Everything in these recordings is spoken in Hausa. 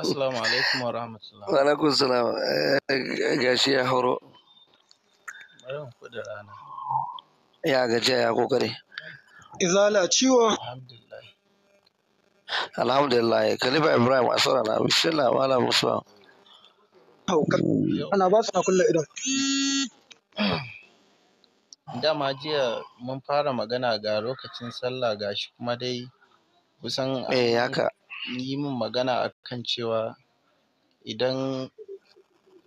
Assalamu eh, gajiya ya kokare. Alhamdulillah. Alhamdulillah. Khalifa Ibrahim a saurara. Bismillah wa ala musuwa. Ana ba su kulla Da Dama jiya mun fara magana ga lokacin sallah gashi kuma dai kusan. Eh haka. yi min magana a kan cewa idan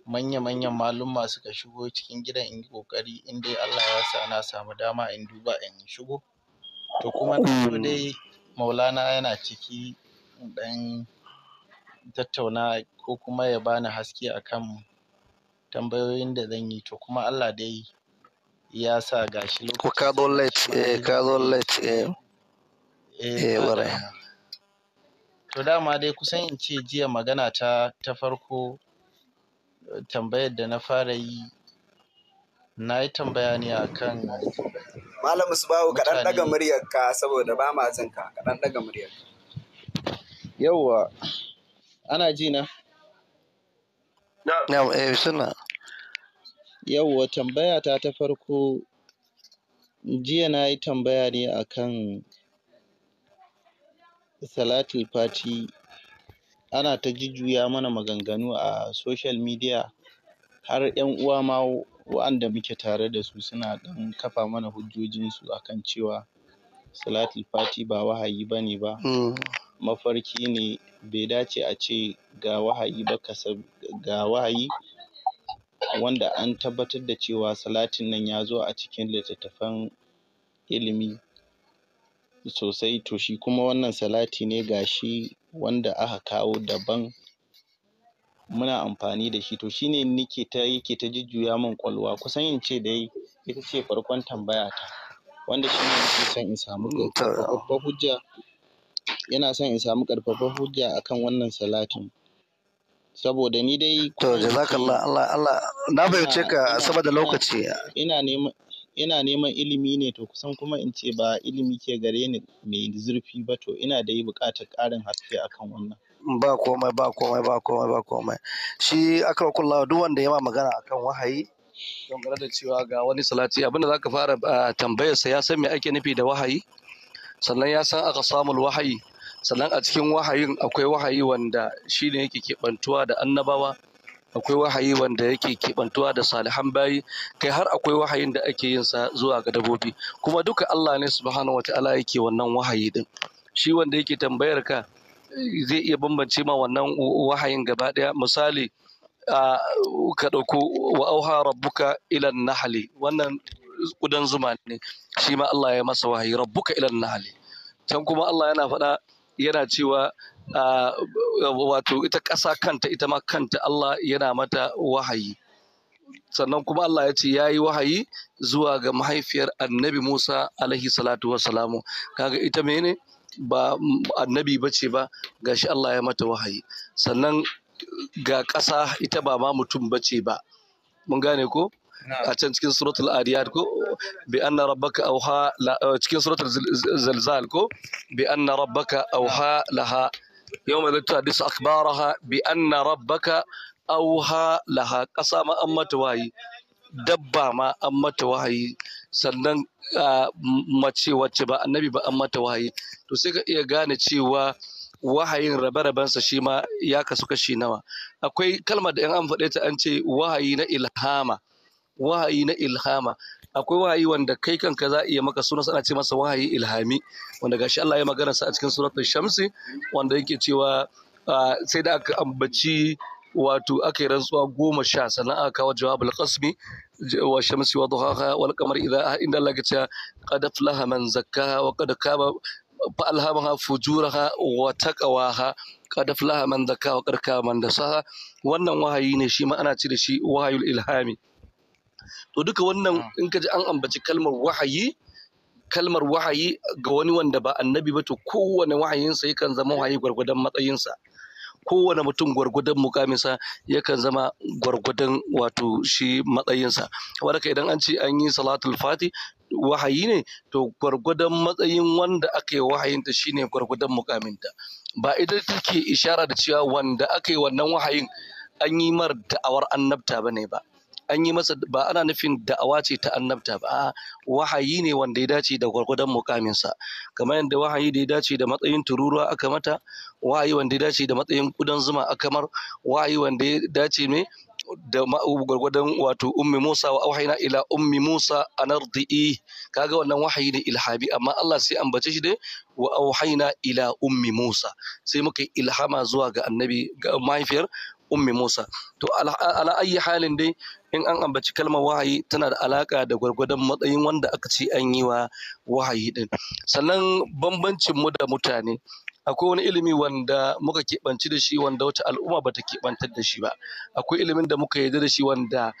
manya-manyan malumma suka shigo cikin gidan in yi ƙoƙari in dai Allah ya sa na samu dama in duba in shigo. To kuma na zo dai Maulana yana ciki in ɗan tattauna ko kuma ya bani haske akan tambayoyin da zan yi to kuma Allah dai ya sa ga shi Ka zo eh, eh eh. eh To dama dai kusan in ce jiya magana ta ta farko eh, tambayar da na fara yi na yi tambaya ne a kan Malam Musbahu kaɗan ɗaga muryarka saboda ba ma jin ka kaɗan ɗaga muryarka. Yawwa ana ji na? Na'am eh suna. Yawwa tambaya ta ta farko jiya na yi tambaya ne a kan salatul fati ana ta jujjuya mana maganganu a social media har ƴan uwa ma wa'anda muke tare da su suna ɗan kafa mana hujjojinsu akan cewa salatul fati ba wahayi bane ba hmm. mafarki ne bai dace a ce ga wahayi ba ga wahayi wanda an tabbatar da cewa salatin nan ya zo a cikin littattafan ilimi sosai to shi kuma wannan salati ne ga shi wanda aka kawo daban muna amfani da shi to shine nake ta yake ta jujjuya min ƙwaƙwalwa kusan in ce dai ita ce farkon tambaya ta wanda ne nake son in samu mm, ƙarfafar hujja ina son in samu ƙarfafar hujja akan wannan salatin saboda ni dai to jazakallah Allah Allah na bayyace ka saboda lokaci ina neman ina neman ilimi ne to kusan kuma in ce ba ilimi ke gare ni mai zurfi ba to ina dai buƙatar ƙarin haske akan wannan. Ba komai ba komai ba komai ba komai. Shi akrakullah duk wanda ya ma magana akan wahayi dangane da cewa ga wani salati abinda zaka fara tambayarsa ya san me ake nufi da wahayi sannan ya san aka samu wahayi sannan a cikin wahayin akwai wahayi wanda shine yake keɓantuwa da annabawa akwai wahayi wanda yake kibantuwa da salihan bayi kai har akwai wahayin da ake yin sa zuwa ga dabobi kuma duka Allah ne subhanahu wataala yake wannan wahayi din shi wanda yake tambayar ka zai iya bambance ma wannan wahayin gaba daya misali ka ɗauko wa auha rabbuka ila nahli wannan kudan zuma ne shi ma Allah ya masa wahayi rabbuka ilan nahali can kuma Allah yana faɗa yana cewa wato ita ƙasa kanta ita ma kanta Allah yana mata wahayi sannan kuma Allah ya ce ya yi wahayi zuwa ga mahaifiyar annabi Musa alaihi salatu salamu, kaga ita mene ba annabi ba ce ba gashi Allah ya mata wahayi sannan ga ƙasa ita ba ma mutum ba ce ba mun gane ko a can cikin suratul adiyat ko bi anna rabbaka auha cikin suratul zalzal ko bi anna rabbaka auha laha yawma tuhaddisu akhbaraha bi anna rabbaka auha laha ƙasa ma an mata wahayi dabba ma an mata wahayi sannan mace wacce ba annabi ba an mata wahayi to sai ka iya gane cewa wahayin rabe-rabensa shi ma ya kasu kashi nawa akwai kalmar da in an faɗe ta an ce wahayi na ilhama wahayi na ilhama akwai wahayi wanda kai kanka za a iya maka sunansa ana ce masa wahayi ilhami wanda gashi Allah ya magana sa a cikin suratul shamsi wanda yake cewa sai da aka ambaci wato aka yi rantsuwa goma sha sannan aka kawo jawabul qasmi wa shamsi wa duhaha wal qamar idha inda Allah ya ce qad aflaha man zakkaha wa qad kaba wa فجورها qad aflaha man من wa qad kaba man dasaha wannan wahayi ne shi ma ana ci da shi wahayul ilhami to duka wannan mm. in ka ji an ambaci kalmar wahayi kalmar wahayi ga wani wanda ba annabi ba to kowane wahayinsa yakan zama wahayi gwargwadon matsayinsa kowane mutum gwargwadon mukaminsa yakan zama gwargwadon wato shi matsayinsa wadaka idan an ce an yi salatul fati wahayi ne to gwargwadon matsayin wanda aka yi wahayinta shine gwargwadon mukaminta ba idan take ishara da cewa wanda aka yi wannan wahayin an yi mar da'awar annabta ne ba an yi masa ba ana nufin da'awa ce ta annabta ba wahayi ne wanda ya dace da gwargwadon mukaminsa kamar yadda wahayi da ya dace da matsayin tururuwa aka mata wahayi wanda ya dace da matsayin kudan zuma aka mar wahayi wanda ya dace ne da gwargwadon wato ummi Musa wa auhaina ila ummi Musa an ardi'i kaga wannan wahayi ne ilhabi amma Allah sai ambace shi dai wa auhaina ila ummi Musa sai muka ilhama zuwa ga annabi ga mahaifiyar ummi Musa to ala ayi halin dai in an ambaci kalmar wahayi tana da alaka da gwargwadon matsayin wanda aka ce an yi wa wahayi din sannan bambancin mu da mutane akwai wani ilimi wanda muka keɓanci da shi wanda wata al'umma bata keɓantar da shi ba akwai ilimin da muka yarda da shi wanda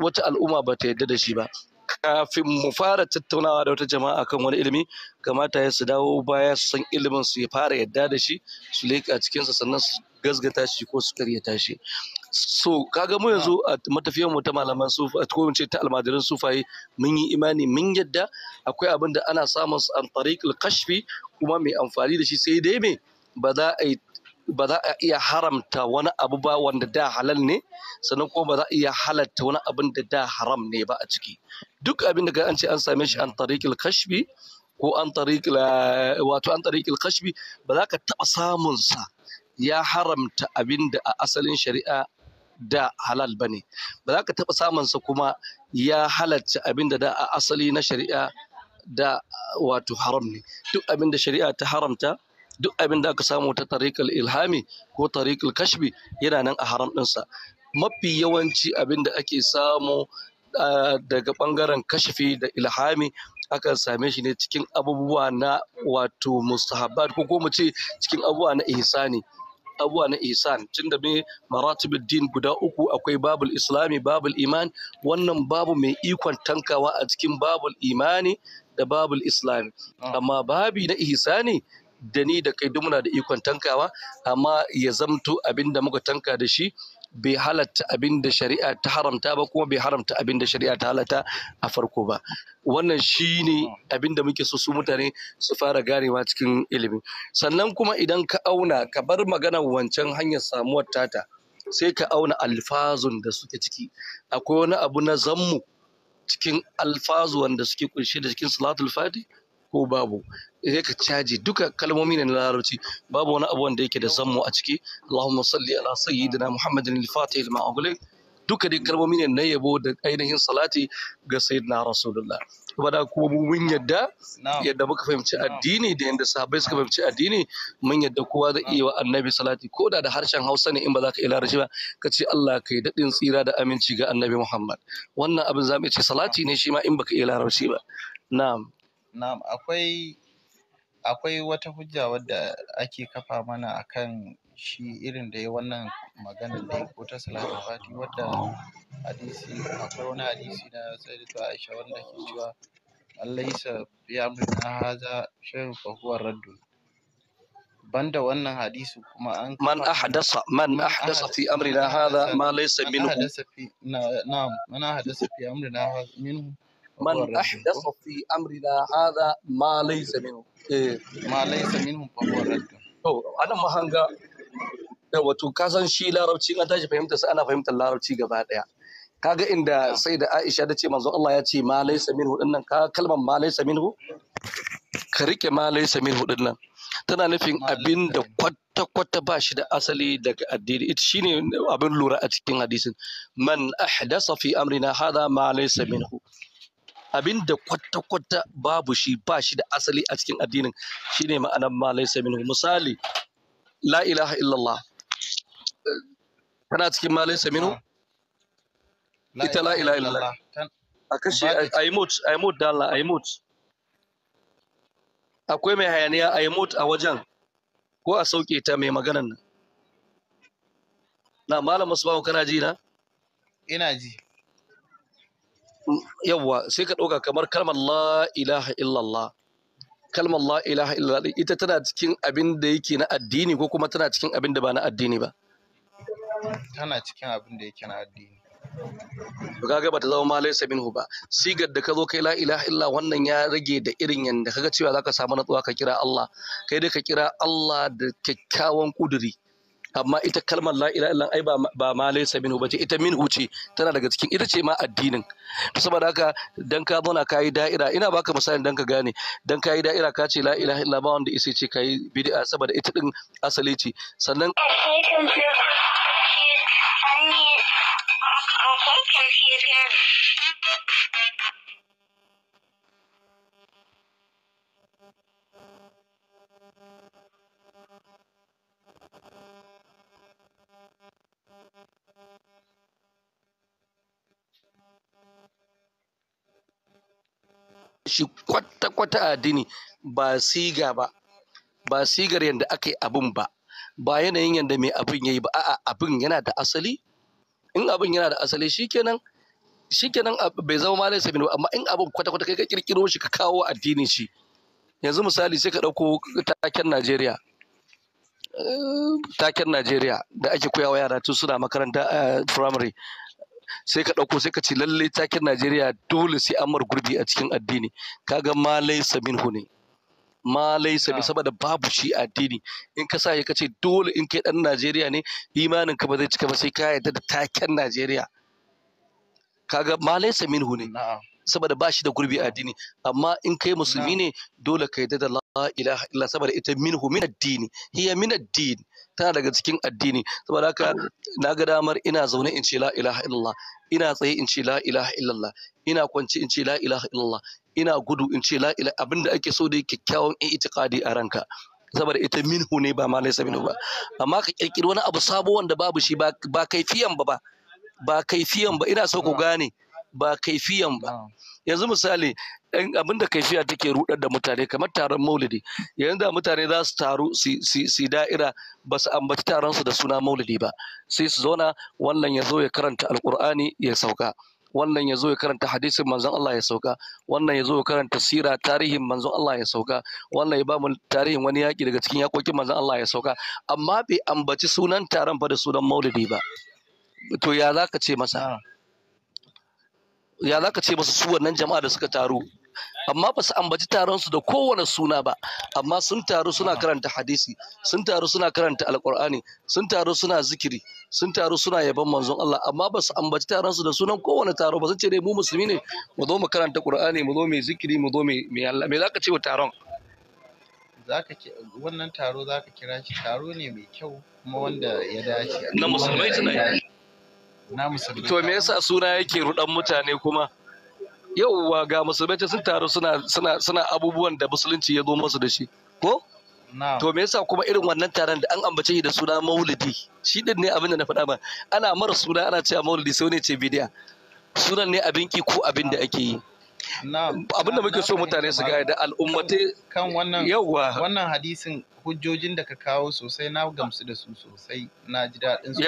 wata al'umma bata yarda da shi ba kafin mu fara tattaunawa da wata jama'a kan wani ilimi kamata ya su dawo baya su san ilimin su ya fara yarda da shi su leƙa cikinsa sannan su gasgata shi ko su karyata shi so kaga mu yanzu a matafiyar mu ta malaman sufa ko ce ta almadirin sufaye mun yi imani mun yadda akwai abin da ana samun su an tariqul kashfi kuma mai amfani da shi sai dai me ba za a ba za a iya haramta wani abu ba wanda da halal ne sannan kuma ba za a iya halatta wani abin da da haram ne ba a ciki duk abin da ga an ce an same shi an tariqul kashfi ko an tariqul eh, wato an tariqul kashfi ba za ka taba samun sa ya haramta abin da a asalin shari'a da halal ba ne ba za ka taɓa samunsa kuma ya halarci abin da da a asali na shari'a da wato haram ne duk abin da shari'a ta haramta duk abin da aka samu ta tariƙar ilhami ko tariƙar kashbi yana nan a haram ɗinsa mafi yawanci abin da ake samu daga ɓangaren kashfi da ilhami akan same shi ne cikin abubuwa na wato mustahabbat ko ko mu ce cikin abubuwa na ihsani abubuwa na ihsan tunda me maratibul din guda uku akwai babul islami babul iman wannan babu mai ikon tankawa a cikin babul imani da babul islami amma babi na ihsani da ni da kai duk muna da ikon tankawa amma ya zamto abinda muka tanka da shi bai halatta abin da shari'a ta haramta ba kuma bai haramta abin da shari'a ta halatta a farko ba wannan shi ne abin da muke so su mutane su fara ganewa cikin ilimi sannan kuma idan ka auna ka bar magana wancan hanyar samuwar tata sai ka auna alfazun da suke ciki akwai wani abu na zammu cikin alfazu wanda suke kunshe da cikin salatul fati ko babu sai ka caji duka kalmomi ne na larabci babu wani abu wanda yake da zammu a ciki Allahumma salli ala sayyidina Muhammadin al-Fatih al duka dai kalmomi ne na yabo da ainihin salati ga sayyidina Rasulullah saboda kuma mun yadda yadda muka fahimci addini da yadda sahabbai suka fahimci addini mun yadda kowa zai iya wa annabi salati ko da da harshen hausa ne in ba za ka iya ba ka ce Allah yi daɗin tsira da aminci ga annabi Muhammad wannan abin za mu ce salati ne shi ma in baka iya larabci ba na'am Na'am akwai akwai wata hujja wadda ake kafa mana akan shi irin dai wannan maganar dai ko ta salatul fati wadda hadisi akwai wani hadisi na sayyidatu Aisha wanda ke cewa man laysa fi amrina hadha shay'un fa huwa raddun banda wannan hadisi kuma an man ahdasa man ahdasa fi amrina hadha ma laysa minhu na'am man ahdasa fi amrina minhu من أحدث في أمرنا هذا ما ليس منه ما ليس منه فهو رد raddun to anan mahanga wato ka san shi larabci an tashi fahimta sai ana fahimtar larabci gaba daya kaga inda sai da Aisha ta ce manzo Allah ya ce ma laysa minhu dinnan ka kalmar ma laysa minhu ka rike ma laysa minhu dinnan tana nufin abin da kwata-kwata ba shi da asali daga addini ita shine abin lura a cikin hadisin man ahdasa fi amrina hada ma laysa minhu abin da kwata-kwata babu shi ba shi da asali a cikin addinin shi ne ma'anar ma laisa minhu misali la ilaha illallah tana cikin ma laisa minhu ah. ita la ilaha illallah a kashe a yi mut a yi mut da Allah a yi mut akwai mai hayaniya a yi mut a wajen ko a sauke ta mai maganan nan na malam musu kana ji na ina ji yawwa sai ka ɗauka kamar kalmar la ilaha illallah kalmar la ilaha illallah ita tana cikin abin da yake na addini ko kuma tana cikin abin da ba na addini ba tana cikin abin da yake na addini ka ga bata zama ma laysa minhu ba sigar da ka zo kai la ilaha illa wannan ya rage da irin yanda kaga cewa zaka samu natsuwa ka kira Allah kai dai ka kira Allah da kyakkyawan kuduri amma ita kalmar la ilaha illallah ai ba ma laysa minhu bace ita min huce tana daga cikin ita ce ma addinin saboda haka dan ka zauna ka yi da'ira ina baka misali dan ka gane dan kai da'ira ka ce la ilaha illallah ba wanda isa ce ka bid'a saboda ita din asali ce sannan eh, shi kwata-kwata a addini ba siga ba ba sigar yadda aka yi abin ba ba yanayin yadda mai abin ya yi ba a'a abin yana da asali in abin yana da asali shikenan shikenan bai zama malai sabi ba amma in abin kwata-kwata kai ka kirkiro shi ka kawo addinin shi yanzu misali sai ka ɗauko taken Najeriya eh, taken Najeriya da ake koyawa yara tun suna makaranta eh, primary sai ka ɗauko sai ka ce lallai takin Najeriya dole sai an mar gurbi a cikin addini kaga malai laisa minhu ne ma ah. saboda babu shi addini in ka sa ka ce dole in kai dan Najeriya ne imanin ka ba zai cika ba sai ka yadda da taken Najeriya kaga malai laisa minhu ne saboda ba shi da gurbi addini amma in kai musulmi ne dole ka yadda da la ilaha illa saboda ita minhu min addini hiya min addini tana daga cikin addini saboda haka na ga damar ina zaune in ce la ilaha illallah ina tsaye in ce la ilaha illallah ina kwance in ce la ilaha illallah ina gudu in ce la ilaha abinda ake so da kyakkyawan in i'tiqadi a ranka saboda ita minhu ne ba ma laisa minhu ba amma ka kirkiri wani abu sabo wanda babu shi ba kaifiyan ba ba ba kaifiyan ba ina so ku gane ba kaifiyan ba yanzu misali ɗan abin da kaifiya take rudar da mutane kamar taron maulidi yanzu da mutane za su taru si da'ira ba su ambaci taron su da suna maulidi ba sai su zauna wannan ya zo ya karanta alkur'ani ya sauka wannan ya zo ya karanta hadisin manzon Allah ya sauka wannan ya zo ya karanta sira tarihin manzon Allah ya sauka wannan ya ba mu tarihin wani yaki daga cikin yakokin manzon Allah ya sauka amma bai ambaci sunan taron fa da sunan maulidi ba to ya zaka ce masa ya zaka ce masa su wannan jama'a da suka taru amma ba su ambaci taron su da kowane suna ba amma sun taru suna karanta hadisi sun taru suna karanta alkur'ani sun taru suna zikiri sun taru suna yaban manzon Allah amma ba su ambaci taron su da sunan kowane taro ba su ce dai mu musulmi ne mu zo mu karanta qur'ani mu zo mu zikiri mu zo mu mai Allah me zaka ce wa taron zaka ce wannan taro zaka kira shi taro ne mai kyau kuma wanda ya dace na musulmai tunai na musulmai to me yasa suna yake rudan mutane kuma yauwa ga musulmai sun taru suna abubuwan da musulunci ya zo musu da shi ko to me yasa kuma irin wannan taron da an ambace shi da suna maulidi shi din ne abin da na faɗa ba ana mara suna ana cewa maulidi sai ne ce bidiya sunan ne abin ki ko abin da ake yi abin da muke so mutane su gane da al'ummate kan wannan wannan hadisin hujjojin da ka kawo sosai na gamsu da su sosai na ji daɗin su